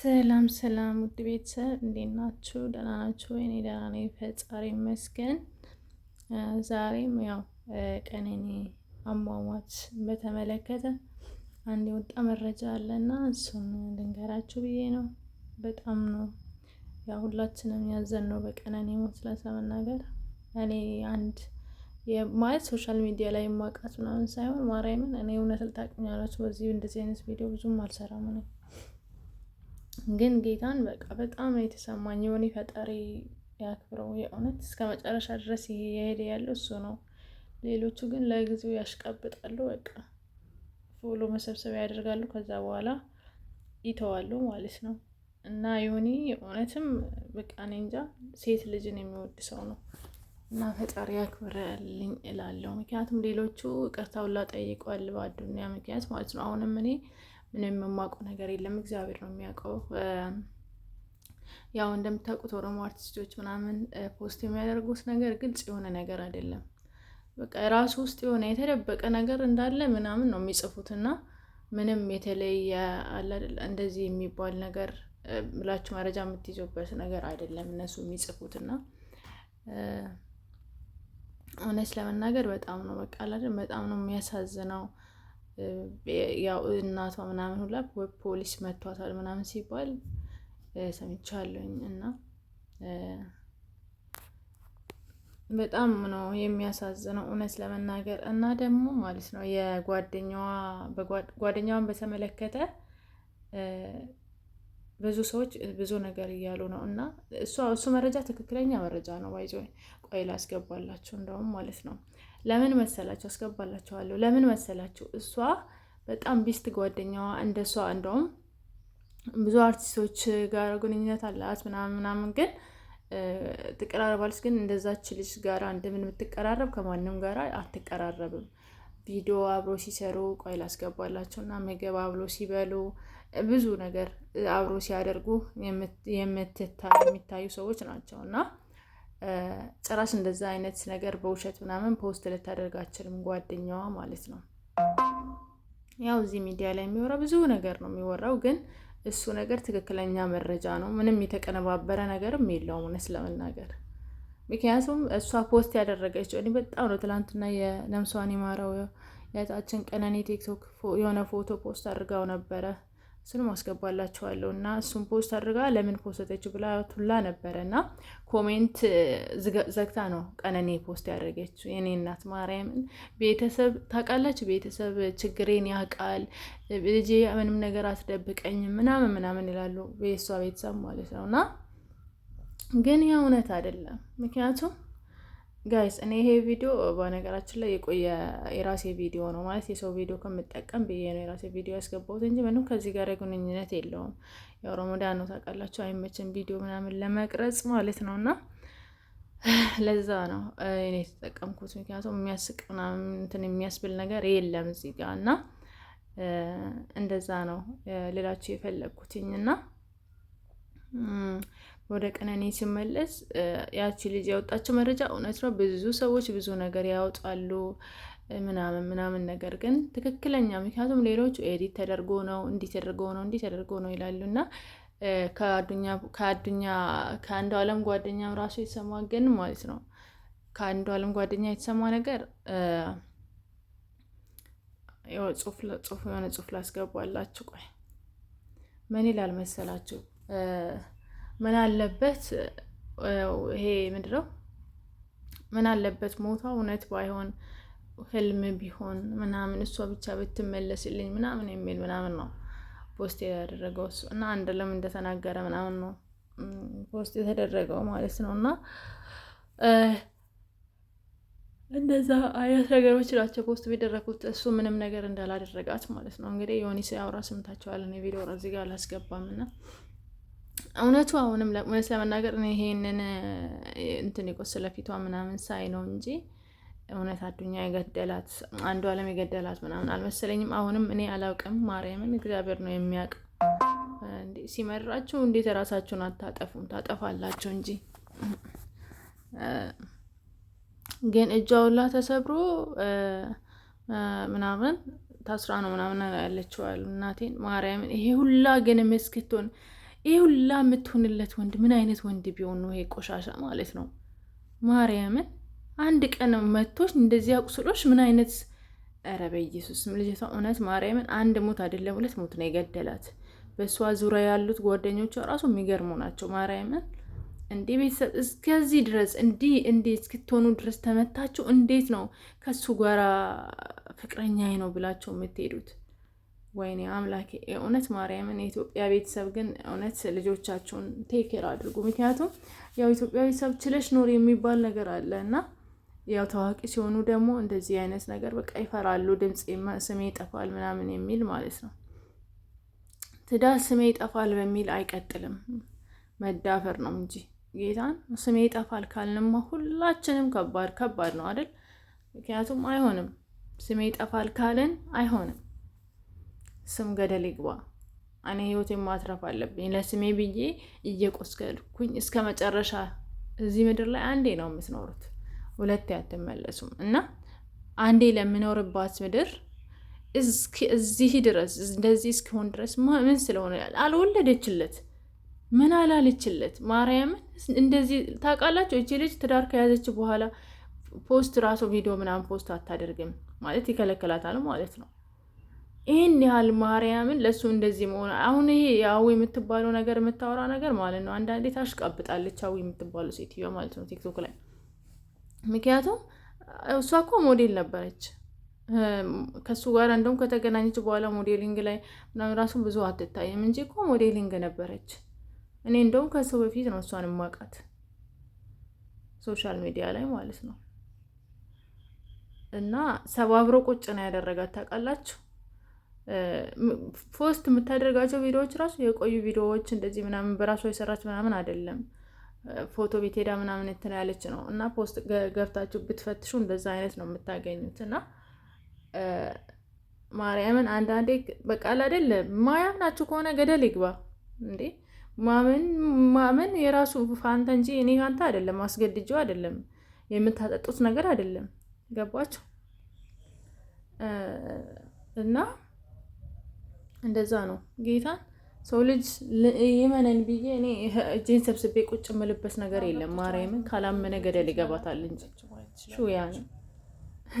ሰላም ሰላም ውድ ቤተሰብ እንዴት ናችሁ? ደህና ናችሁ ወይ? እኔ ደህና ነኝ፣ ፈጣሪ ይመስገን። ዛሬም ያው ቀነኒ አሟሟት በተመለከተ አንድ የወጣ መረጃ አለና እሱን ልንገራችሁ ብዬ ነው። በጣም ነው ያው ሁላችንም ያዘን ነው በቀነኒ ሞት ለመናገር እኔ አንድ ማለት ሶሻል ሚዲያ ላይ የማውቃት ምናምን ሳይሆን ማርያምን እኔ እውነት ልታውቁኝ አላችሁ። በዚህ እንደዚህ አይነት ቪዲዮ ብዙም አልሰራም ነው ግን ጌታን በቃ በጣም የተሰማኝ የሆነ ፈጣሪ ያክብረው የእውነት እስከ መጨረሻ ድረስ የሄደ ያለው እሱ ነው። ሌሎቹ ግን ለጊዜው ያሽቀብጣሉ፣ በቃ ፎሎ መሰብሰቢያ ያደርጋሉ፣ ከዛ በኋላ ይተዋሉ ማለት ነው። እና ዮኒ የእውነትም በቃ እኔ እንጃ ሴት ልጅን የሚወድ ሰው ነው። እና ፈጣሪ ያክብረልኝ እላለሁ። ምክንያቱም ሌሎቹ ቅርታውላ ጠይቋል በአዱኒያ ምክንያት ማለት ነው። አሁንም እኔ ምንም የማውቀው ነገር የለም፣ እግዚአብሔር ነው የሚያውቀው። ያው እንደምታውቁት ኦሮሞ አርቲስቶች ምናምን ፖስት የሚያደርጉት ነገር ግልጽ የሆነ ነገር አይደለም። በቃ ራሱ ውስጥ የሆነ የተደበቀ ነገር እንዳለ ምናምን ነው የሚጽፉት እና ምንም የተለየ እንደዚህ የሚባል ነገር ብላችሁ መረጃ የምትይዙበት ነገር አይደለም እነሱ የሚጽፉት እና እውነት ለመናገር በጣም ነው በቃ በጣም ነው የሚያሳዝነው። ያው እናቷ ምናምን ሁላ ፖሊስ መቷታል ምናምን ሲባል ሰምቻለሁኝ እና በጣም ነው የሚያሳዝነው እውነት ለመናገር እና ደግሞ ማለት ነው የጓደኛዋ ጓደኛዋን በተመለከተ ብዙ ሰዎች ብዙ ነገር እያሉ ነው እና እሱ መረጃ ትክክለኛ መረጃ ነው። ባይዞ ቆይ ላስገባላችሁ፣ እንደውም ማለት ነው። ለምን መሰላችሁ? አስገባላችኋለሁ። ለምን መሰላችሁ? እሷ በጣም ቢስት ጓደኛዋ እንደ እሷ እንደውም ብዙ አርቲስቶች ጋር ግንኙነት አላት ምናምን ምናምን፣ ግን ትቀራረባለች። ግን እንደዛች ልጅ ጋራ እንደምን የምትቀራረብ ከማንም ጋራ አትቀራረብም። ቪዲዮ አብሮ ሲሰሩ ቆይ ላስገባላችሁ እና ምግብ አብሎ ሲበሉ ብዙ ነገር አብሮ ሲያደርጉ የሚታዩ ሰዎች ናቸው እና ጭራሽ እንደዛ አይነት ነገር በውሸት ምናምን ፖስት ልታደርግ አችልም፣ ጓደኛዋ ማለት ነው። ያው እዚህ ሚዲያ ላይ የሚወራ ብዙ ነገር ነው የሚወራው፣ ግን እሱ ነገር ትክክለኛ መረጃ ነው። ምንም የተቀነባበረ ነገርም የለውም እውነት ለመናገር ምክንያቱም እሷ ፖስት ያደረገችው እኔ በጣም ነው ትላንትና የነምሷን ይማረው የእህታችን ቀነኔ ቲክቶክ የሆነ ፎቶ ፖስት አድርጋው ነበረ እሱንም አስገባላችኋለሁ እና እሱን ፖስት አድርጋ ለምን ፖስተችው ብላ ቱላ ነበረ እና ኮሜንት ዘግታ ነው ቀነኔ ፖስት ያደረገችው። የኔ እናት ማርያምን ቤተሰብ ታውቃላችሁ፣ ቤተሰብ ችግሬን ያውቃል። ልጄ ምንም ነገር አትደብቀኝም ምናምን ምናምን ይላሉ የእሷ ቤተሰብ ማለት ነው እና ግን ያ እውነት አይደለም ምክንያቱም ጋይስ እኔ ይሄ ቪዲዮ በነገራችን ላይ የቆየ የራሴ ቪዲዮ ነው ማለት የሰው ቪዲዮ ከምጠቀም ብዬ ነው የራሴ ቪዲዮ ያስገባሁት እንጂ ምንም ከዚህ ጋር ግንኙነት የለውም። ያው ረመዳን ነው ታውቃላችሁ፣ አይመችም ቪዲዮ ምናምን ለመቅረጽ ማለት ነው እና ለዛ ነው እኔ የተጠቀምኩት። ምክንያቱም የሚያስቅ ምናምን እንትን የሚያስብል ነገር የለም እዚህ እና እንደዛ ነው ሌላችሁ የፈለግኩትኝ እና ወደ ቀነኔ ሲመለስ ያቺ ልጅ ያወጣችው መረጃ እውነት ነው። ብዙ ሰዎች ብዙ ነገር ያወጣሉ ምናምን ምናምን፣ ነገር ግን ትክክለኛ ምክንያቱም ሌሎቹ ኤዲት ተደርጎ ነው እንዲህ ተደርጎ ነው እንዲህ ተደርጎ ነው ይላሉ እና ከአዱኛ ከአንዱ አለም ጓደኛም ራሱ የተሰማ ግን ማለት ነው ከአንዱ አለም ጓደኛ የተሰማ ነገር ጽሁፍ የሆነ ጽሁፍ ላስገባላችሁ። ቆይ ምን ይላል መሰላችሁ? ምን አለበት ይሄ ምንድን ነው? ምን አለበት ሞቷ እውነት ባይሆን ህልም ቢሆን ምናምን እሷ ብቻ ብትመለስልኝ ምናምን የሚል ምናምን ነው ፖስት ያደረገው እሱ እና አንድ ለም እንደተናገረ ምናምን ነው ፖስት የተደረገው ማለት ነው። እና እንደዛ አይነት ነገሮች ናቸው ፖስት የሚደረጉት እሱ ምንም ነገር እንዳላደረጋት ማለት ነው። እንግዲህ ዮኒ ሲያወራ ስምታቸዋለን የቪዲዮ ቪዲዮ እዚህ ጋር አላስገባም እና እውነቱ አሁንም እውነት ለመናገር ይሄንን እንትን የቆሰለ ፊቷ ምናምን ሳይ ነው እንጂ እውነት አዱኛ የገደላት አንዱ አለም የገደላት ምናምን አልመሰለኝም። አሁንም እኔ አላውቅም። ማርያምን እግዚአብሔር ነው የሚያውቅ። ሲመራችሁ እንዴት ራሳችሁን አታጠፉም? ታጠፋላችሁ እንጂ ግን እጇ ሁላ ተሰብሮ ምናምን ታስራ ነው ምናምን ያለችዋሉ። እናቴን ማርያምን ይሄ ሁላ ግን ምስክቶን ይህ ሁላ የምትሆንለት ወንድ ምን አይነት ወንድ ቢሆን ነው ይሄ ቆሻሻ ማለት ነው? ማርያምን አንድ ቀን መቶች እንደዚህ አቁስሎች ምን አይነት ኧረ በኢየሱስ ልጅቷ እውነት ማርያምን አንድ ሞት አይደለም ሁለት ሞት ነው የገደላት። በእሷ ዙሪያ ያሉት ጓደኞቿ ራሱ የሚገርሙ ናቸው። ማርያምን እንዴ ቤተሰብ እስከዚህ ድረስ እንዲህ እንዴ እስክትሆኑ ድረስ ተመታችሁ። እንዴት ነው ከሱ ጋራ ፍቅረኛዬ ነው ብላቸው የምትሄዱት? ወይኔ አምላኬ የእውነት ማርያምን የኢትዮጵያ ቤተሰብ ግን እውነት ልጆቻቸውን ቴክር አድርጉ። ምክንያቱም ያው ኢትዮጵያ ቤተሰብ ችለሽ ኖር የሚባል ነገር አለ እና ያው ታዋቂ ሲሆኑ ደግሞ እንደዚህ አይነት ነገር በቃ ይፈራሉ። ድምፅ ስሜ ይጠፋል ምናምን የሚል ማለት ነው። ትዳር ስሜ ይጠፋል በሚል አይቀጥልም። መዳፈር ነው እንጂ ጌታን ስሜ ይጠፋል ካልንማ ሁላችንም ከባድ ከባድ ነው አይደል? ምክንያቱም አይሆንም። ስሜ ይጠፋል ካልን አይሆንም። ስም ገደል ይግባ። እኔ ህይወቴን ማትረፍ አለብኝ ለስሜ ብዬ እየቆስገልኩኝ እስከ መጨረሻ። እዚህ ምድር ላይ አንዴ ነው የምትኖሩት፣ ሁለቴ አትመለሱም። እና አንዴ ለምኖርባት ምድር እዚህ ድረስ እንደዚህ እስኪሆን ድረስ ምን ስለሆነ አልወለደችለት ምን አላለችለት ማርያምን እንደዚህ ታውቃላችሁ። እቺ ልጅ ትዳር ከያዘች በኋላ ፖስት ራሱ ቪዲዮ ምናምን ፖስት አታደርግም ማለት ይከለከላታል ማለት ነው። ይህን ያህል ማርያምን ለእሱ እንደዚህ መሆን አሁን ይሄ አዊ የምትባለው ነገር የምታወራ ነገር ማለት ነው። አንዳንዴ ታሽቃብጣለች አዊ የምትባለው ሴትዮ ማለት ነው ቲክቶክ ላይ። ምክንያቱም እሷ እኮ ሞዴል ነበረች ከእሱ ጋር እንደውም ከተገናኘች በኋላ ሞዴሊንግ ላይ ምናምን ራሱ ብዙ አትታይም እንጂ እኮ ሞዴሊንግ ነበረች። እኔ እንደውም ከሰው በፊት ነው እሷን የማውቃት ሶሻል ሚዲያ ላይ ማለት ነው። እና ሰባብሮ ቁጭ ነው ያደረጋት ታውቃላችሁ። ፖስት የምታደርጋቸው ቪዲዮዎች ራሱ የቆዩ ቪዲዮዎች እንደዚህ ምናምን በራሷ የሰራች ምናምን አይደለም። ፎቶ ቤት ሄዳ ምናምን እንትን ያለች ነው እና ፖስት ገብታችሁ ብትፈትሹ እንደዛ አይነት ነው የምታገኙት። እና ማርያምን አንዳንዴ በቃል ማያም ማያምናችሁ ከሆነ ገደል ይግባ እንዴ። ማመን ማመን የራሱ ፋንታ እንጂ እኔ ፋንታ አይደለም፣ አስገድጀው አይደለም፣ የምታጠጡት ነገር አይደለም። ገባችሁ እና እንደዛ ነው ጌታ ሰው ልጅ ይመነን ብዬ እኔ እጄን ሰብስቤ ቁጭ የምልበት ነገር የለም። ማርያምን ካላመነ ገደል ይገባታል እንጂ ነው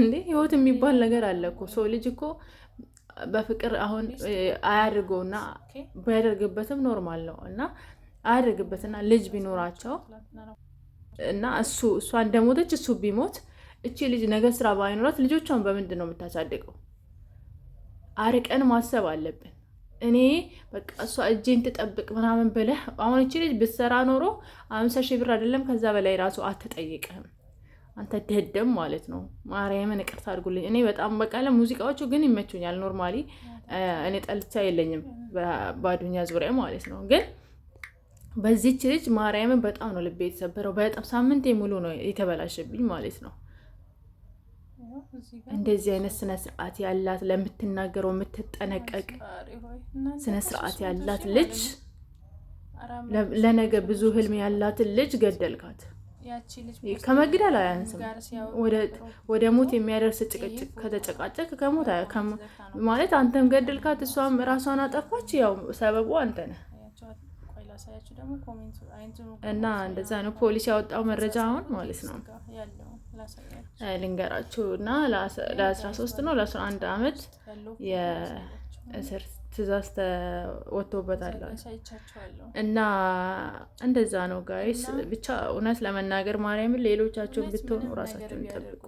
እንዴ ህይወት የሚባል ነገር አለ እኮ ሰው ልጅ እኮ በፍቅር አሁን አያድርገውና ቢያደርግበትም ኖርማል ነው እና አያደርግበትና ልጅ ቢኖራቸው እና እሱ እሷ እንደሞተች እሱ ቢሞት እቺ ልጅ ነገር ስራ ባይኖራት ልጆቿን በምንድን ነው የምታሳድቀው? አርቀን ማሰብ አለብን። እኔ በቃ እሷ እጄን ትጠብቅ ምናምን ብለህ አሁን እቺ ልጅ ብትሰራ ኖሮ አምሳ ሺህ ብር አይደለም ከዛ በላይ ራሱ አትጠይቅህም። አንተ ደደም ማለት ነው። ማርያምን ይቅርታ አድርጉልኝ። እኔ በጣም በቃለ ሙዚቃዎቹ ግን ይመቹኛል። ኖርማሊ እኔ ጠልቻ የለኝም በአዱኛ ዙሪያ ማለት ነው። ግን በዚች ልጅ ማርያምን በጣም ነው ልቤ የተሰበረው። በጣም ሳምንቴ ሙሉ ነው የተበላሸብኝ ማለት ነው። እንደዚህ አይነት ስነ ስርዓት ያላት ለምትናገረው የምትጠነቀቅ ስነ ስርዓት ያላት ልጅ ለነገ ብዙ ህልም ያላትን ልጅ ገደልካት። ከመግደል አያንስም። ወደ ሞት የሚያደርስ ጭቅጭቅ ከተጨቃጨቅ ከሞት ማለት አንተም ገደልካት፣ እሷም ራሷን አጠፋች። ያው ሰበቡ አንተ ነህ። ላሳያችሁ ደግሞ ኮሜንቱ እና እንደዛ ነው ፖሊስ ያወጣው መረጃ አሁን ማለት ነው ልንገራችሁ እና ለአስራ ሶስት ነው ለአስራ አንድ አመት የእስር ትእዛዝ ተወጥቶበታል እና እንደዛ ነው ጋይስ። ብቻ እውነት ለመናገር ማርያምን ሌሎቻችሁን ብትሆኑ ራሳችሁን ጠብቁ።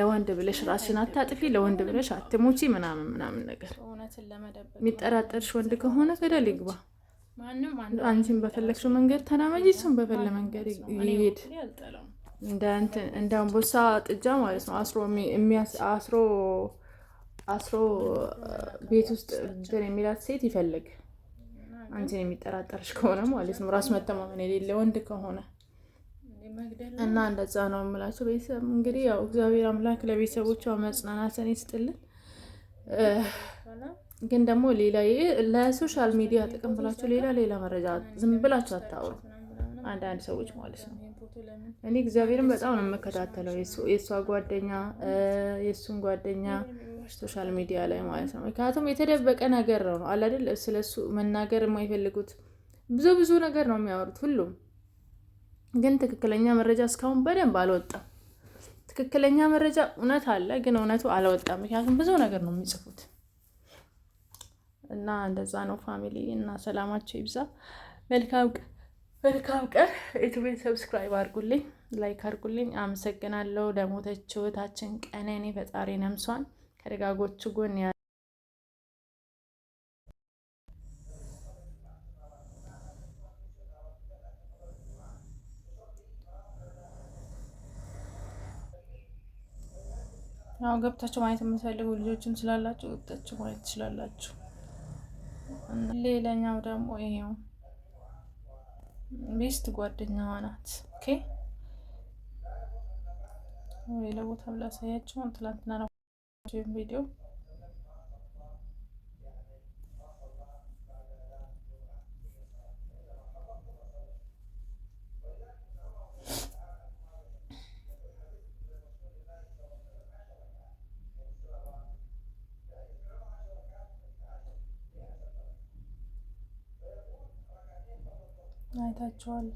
ለወንድ ብለሽ ራስሽን አታጥፊ፣ ለወንድ ብለሽ አትሙቺ ምናምን ምናምን ነገር የሚጠራጠርሽ ወንድ ከሆነ ገደል ይግባ። አንቺን በፈለግሽው መንገድ ተራመጂ፣ እሱን በፈለ መንገድ ይሄድ። እንደ አንበሳ ጥጃ ማለት ነው አስሮ አስሮ ቤት ውስጥ እንትን የሚላት ሴት ይፈልግ። አንቺን የሚጠራጠርሽ ከሆነ ማለት ነው ራስ መተማመን የሌለ ወንድ ከሆነ እና እንደዛ ነው የምላቸው። ቤተሰብ እንግዲህ ያው እግዚአብሔር አምላክ ለቤተሰቦቿ መጽናናትን ይስጥልን። ግን ደግሞ ሌላ ለሶሻል ሚዲያ ጥቅም ብላችሁ ሌላ ሌላ መረጃ ዝም ብላችሁ አታውሩ። አንዳንድ ሰዎች ማለት ነው። እኔ እግዚአብሔርን በጣም ነው የምከታተለው፣ የእሷ ጓደኛ የእሱን ጓደኛ ሶሻል ሚዲያ ላይ ማለት ነው። ምክንያቱም የተደበቀ ነገር ነው አለ አይደል? ስለሱ መናገር የማይፈልጉት ብዙ ብዙ ነገር ነው የሚያወሩት ሁሉም። ግን ትክክለኛ መረጃ እስካሁን በደንብ አልወጣም። ትክክለኛ መረጃ እውነት አለ፣ ግን እውነቱ አልወጣም። ምክንያቱም ብዙ ነገር ነው የሚጽፉት እና እንደዛ ነው ፋሚሊ እና ሰላማቸው ይብዛ። መልካም መልካም ቀን። ዩቱቤን ሰብስክራይብ አድርጉልኝ፣ ላይክ አድርጉልኝ። አመሰግናለሁ። ለሞተች እህታችን ቀነኒ ፈጣሪ ነምሷን ከደጋጎቹ ጎን ያ አሁን ገብታችሁ ማየት የምትፈልጉ ልጆችም ስላላችሁ ገብታችሁ ማየት ትችላላችሁ። ሌላኛው ደግሞ ይሄው ቤስት ጓደኛዋ ናት። ኦኬ ሌላ ቦታ ብላ ሳያቸው ትላንትና ነው ቪዲዮ አይታችኋል።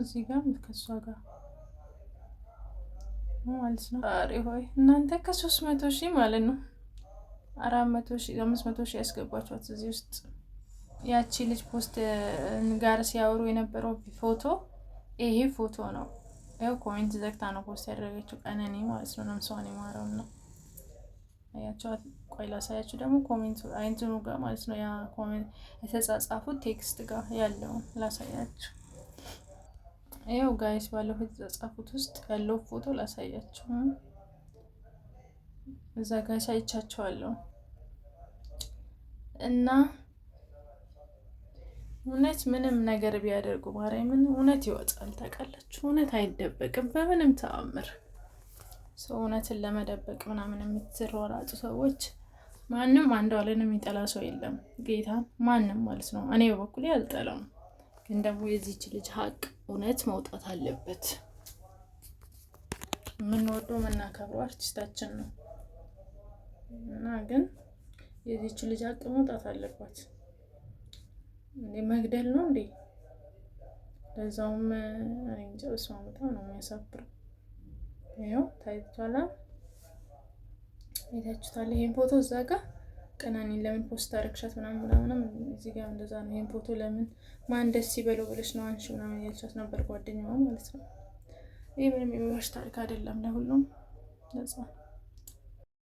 እዚህ ጋር ከሷ ጋር ማለት ነው። አሪ ሆይ እናንተ ከሶስት መቶ ሺህ ማለት ነው አራት መቶ ሺህ አምስት መቶ ሺህ ያስገባችኋት እዚህ ውስጥ ያቺ ልጅ ፖስት ጋር ሲያወሩ የነበረው ፎቶ ይሄ ፎቶ ነው። ያው ኮሜንት ዘግታ ነው ፖስት ያደረገችው ቀነኒ ማለት ነው። ነምሰዋን የማረው ነው አያቸው። ቆይ ላሳያችሁ ደግሞ ኮሜንቱ አይንትኑ ጋር ማለት ነው ያ ኮሜንት የተጻጻፉት ቴክስት ጋር ያለውን ላሳያችሁ። ያው ጋይስ ባለፈው የተጻጻፉት ውስጥ ያለው ፎቶ ላሳያችሁ። እዛ ጋይስ አይቻቸዋለሁ እና እውነት ምንም ነገር ቢያደርጉ ማርያምን እውነት ይወጣል። ታውቃላችሁ፣ እውነት አይደበቅም በምንም ተአምር። ሰው እውነትን ለመደበቅ ምናምን የምትሯሯጡ ሰዎች ማንም አንዱ አለን የሚጠላ ሰው የለም፣ ጌታ ማንም ማለት ነው። እኔ በበኩሌ አልጠላም፣ ግን ደግሞ የዚች ልጅ ሀቅ እውነት መውጣት አለበት። የምንወደው የምናከብረው አርቲስታችን ነው እና ግን የዚች ልጅ ሀቅ መውጣት አለባት። መግደል ነው እንዴ? ለዛውም እንጃ። በስመ አብ በጣም ነው የሚያሳፍረው። ይኸው ታይቷላ፣ አይታችሁታል። ይሄን ፎቶ እዛ ጋ ቀናኒን ለምን ፖስት አረግሻት ምናምን ምናምንም፣ እዚህ ጋር እንደዛ ነው። ይሄን ፎቶ ለምን ማን ደስ ይበለው ብለሽ ነው አንቺ ምናምን ያልቻት ነበር ጓደኛዋ ማለት ነው። ይህ ምንም የሚዋሽ ታሪክ አይደለም። ለሁሉም ነጻ